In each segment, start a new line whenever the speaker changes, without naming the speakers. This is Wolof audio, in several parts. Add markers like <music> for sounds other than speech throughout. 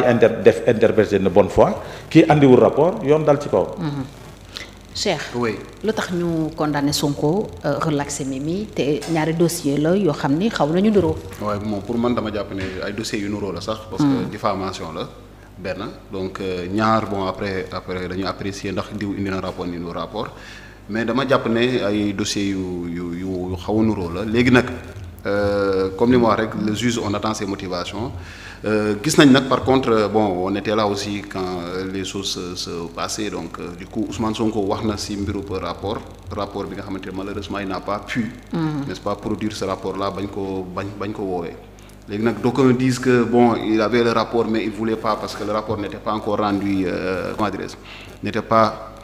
di inter def interprété de bonne foi kii andiwul rapport yoon dal ci kaw. Cheikh oui lu tax ñu condamné Sonko euh, relaxé Mimi te ñaari dossier la yoo xam ni xaw nañu nuroo. waaw moom pour man dama jàpp ne ay dossiers yu nuroo la sax. parce que mm. diffamation la. benn donc euh, ñaar bon après après dañu apprécier ndax diw indi na rapport indi rapport mais dama jàpp ne ay dossiers yu yu yu xaw nuroo la léegi nag. Euh, comme li ma wax rek le juge on attend ses motivations euh, gis nañ nag par contre euh, bon on était aussi quand euh, les choses se, se passaient donc du coup Ousmane Sonko wax na ci mbiru rapport rapport bi nga xamante ne malheureusement il a pas pu mm. n'est-ce pas produire ce rapport là bañ ko bañ bañ ko woowee léegi nag d'aucuns disent que bon il avait le rapport mais il voulait pas parce que le rapport n'était pas encore rendu euh, comment dirais pas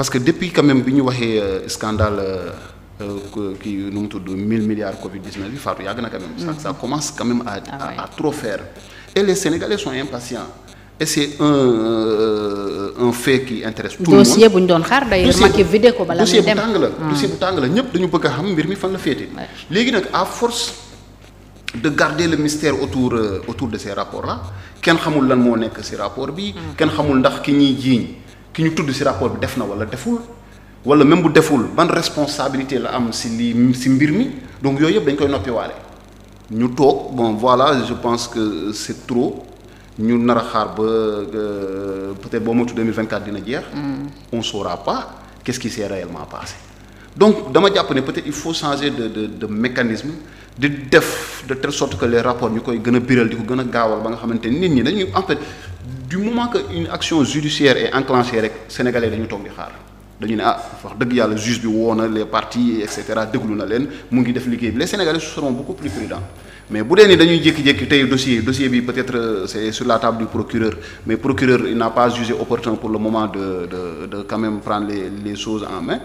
parce que depuis quand même bi ñu waxee euh, scandale euh, euh, kii nu mu tudd 1000 milliards Covid 19 bi Fatou yàgg na quand même. ça ça mm-hmm. commence quand même à ah à à trop faire et les Sénégalais sont impatients. et c'est un un fait qui intéresse tout bu ñu doon xaar d'ailleurs Macky vidé ko mm. bu tàng la dossier ñëpp dañu bëgg a xam mbir mi fan la féete. léegi nag à force de garder le mystère autour autour de ces rapports là kenn xamul lan moo nekk ci rapport bi. Mm. kenn xamul ndax ki ñuy jiiñ. ñu tudd ci rapport bi def na walla deful walla même bu deful ban responsabilité la am ci lii ci mbir mi donc yooyu yëpp dañ koy noppiwaale ñu toog bon voilà je pense que c'est trop ñu nar a xaar ba euh, peut-être boo moytu 2024 dina jeex. Mm. on sora pas qu'est-ce qui s'est réellement donc dama jàpp ne peut-être il faut changer de de de mécanisme di def de telle sorte que les rapports ñu koy gën a biral di ko gën a gaawal ba nga xamante nit ñi dañuy en du moment que une action judiciaire est enclenchée rek sénégalais dañu toog di xaar dañu ne ah wax dëgg yàlla juge bi woo na les parties et déglu na leen mu ngi def liggéey bi les sénégalais seront beaucoup plus prudents mais bu dee ni dañuy jékki-jékki tey dossier dossier bi peut-être euh, c'est sur la table du procureur mais procureur il n'a pas jugé opportun pour le moment de de de quand même prendre les les en main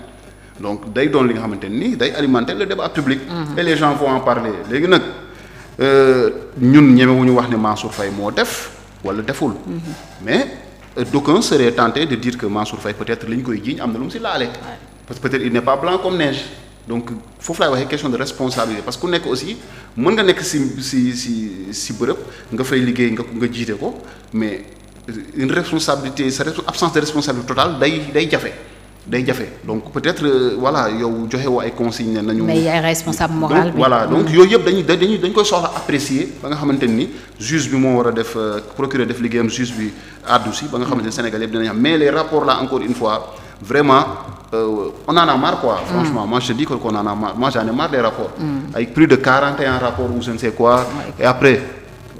donc day doon li nga xamante ni day alimenter le débat public. Mhm. et les gens vont en léegi nag euh, ñun ñemewuñu wax ne Mansour Faye moo def. wala deful. mais euh, d'aucuns seraient tentés de dire que Mansour Faye peut-être li ñu koy jiiñ am na lu mu si laale. parce que peut-être il n'est pas blanc comme neige. donc foofu laay waxee question de responsabilité parce que ku nekk aussi mën nga nekk si si si si bërëb nga fay liggéey nga nga jiite ko mais euh, une responsabilité sa absence de responsabilité totale day day jafe. day jafe donc peut-être euh, yow joxe woo ay consignes nañu. mais yaay responsable moral bi voilà donc yooyu yëpp dañuy dañuy dañ koy soxla apprécier ba nga xamante ni juge bi moo war a def euh, procureur def liggéeyam juge bi àddu si ba nga xamante ni Sénégal yëpp dinañ xam mais les rapports là encore une fois vraiment euh, on en a marre quoi. Mm. franchement mm. moi je te dis que qu'on en a marre moi j'en ai mm. plus de 41 rapports ou je ne sais et après.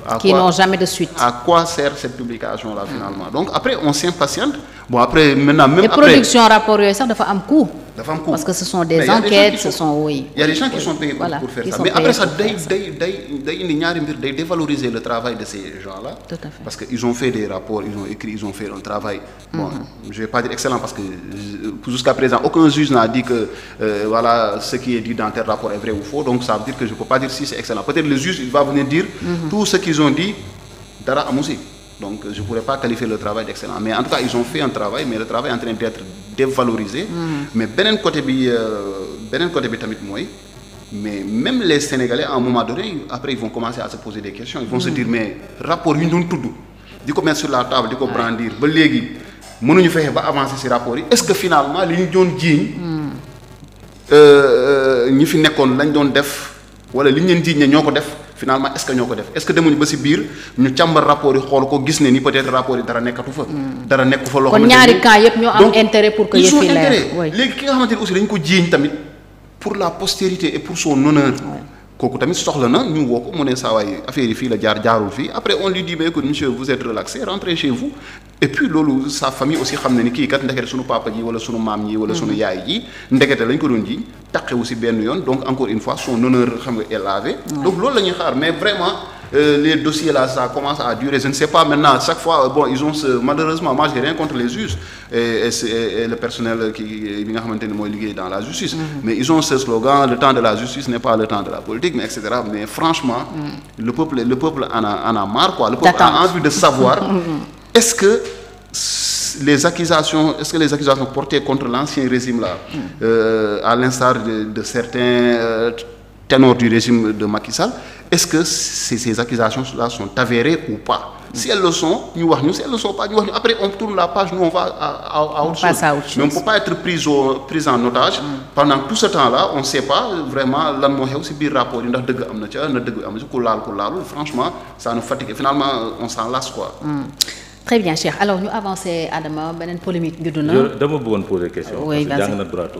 à qui n'ont jamais de suite. À quoi sert cette publication là finalement donc après on s'impatiente bon après maintenant. même après production rapport yooyu sax dafa am coût. dafa am parce que ce sont des enquêtes ce sont oui il y a des gens qui sont payés pour faire ça mais après ça day day day dévaloriser le travail de ces gens là parce que ils ont fait des rapports ils ont écrit ils ont fait un travail bon mm-hmm. je vais pas dire excellent parce que jusqu'à présent aucun juge n'a dit que euh, voilà ce qui est dit dans tel rapport est vrai ou faux donc ça veut dire que je peux pas dire si c'est excellent peut-être le Donc je ne pourrais pas qualifier le travail d'excellent. Mais en tout cas, ils ont fait un travail, mais le travail est en train dévalorisé. Mm. Mais beneen côté bi euh, beneen côté bi tamit mooy mais même les Sénégalais à un moment donné après ils vont commencer à se poser des questions ils vont mm -hmm. se dire mais rapport yu ñu doon tudd di ko mettre la table di ko brandir ba léegi mënuñu fexe ba avancer ci rapport yi est-ce que finalement li ñu doon jiiñ mm. euh, euh, ñi fi nekkoon lañ doon def wala li ñu leen jiiñ ñoo ko def finalement est-ce que ñoo ko def est demuñu ba si biir ñu càmbar rapport yi xool ko gis ne ni peut-être rapport yi dara nekkatu fa. Hmm. dara nekku fa loo xamante kon ñaari cas yëpp ñoo am intérêt pour que yëf yi léegi ki nga xamante ne aussi dañ ko jiiñ tamit pour la postérité et pour son honneur. kooku tamit soxla na ñu woo ko mu ne saa waay affaire fii la jaar jaarul fii après on lui dit mais écoute monsieur vous êtes relaxé rentrez chez vous et puis loolu sa famille aussi xam na ni kii kat ndekete sunu papa ji wala sunu maam ji wala sunu mhm. yaay ji ndekete lañ ko doon ji taqewu si benn yoon donc encore une fois son honneur xam nga est lavé loolu la xaar mais vraiment euh, les dossiers là, ça à durer. Je ne sais pas maintenant, chaque fois, euh, bon, ils ont ce... malheureusement, moi j'ai contre les juges et, le personnel qui est dans la justice. Mm -hmm. Mais ils ont ce slogan, le temps de la justice n'est pas le temps de la politique, mais etc. Mais franchement, mm-hmm. le peuple, en, a, en a marre, quoi. Le peuple a envie de savoir, <laughs> mm-hmm. est-ce que les accusations, est-ce que contre l'ancien régime là, mm. euh, à l'instar de, de, certains euh, ténor du régime de Macky est-ce que ces, ces accusations-là sont avérées ou pas si elles le sont ñu wax ñu si elles le sont pas ñu wax ñu après on tourne la page nous on va à, à, mais on peut pas être pris au pris en otage. Mm. pendant tout ce temps-là on sait pas vraiment lan moo xew si biir rapport yi ndax dëgg am na ca na dëgg am ci ku laal ku laalul franchement ça nous fatigue finalement on s'en lasse quoi. Mm. très bien Cheikh alors ñu avancer Adama dama bëggoon poser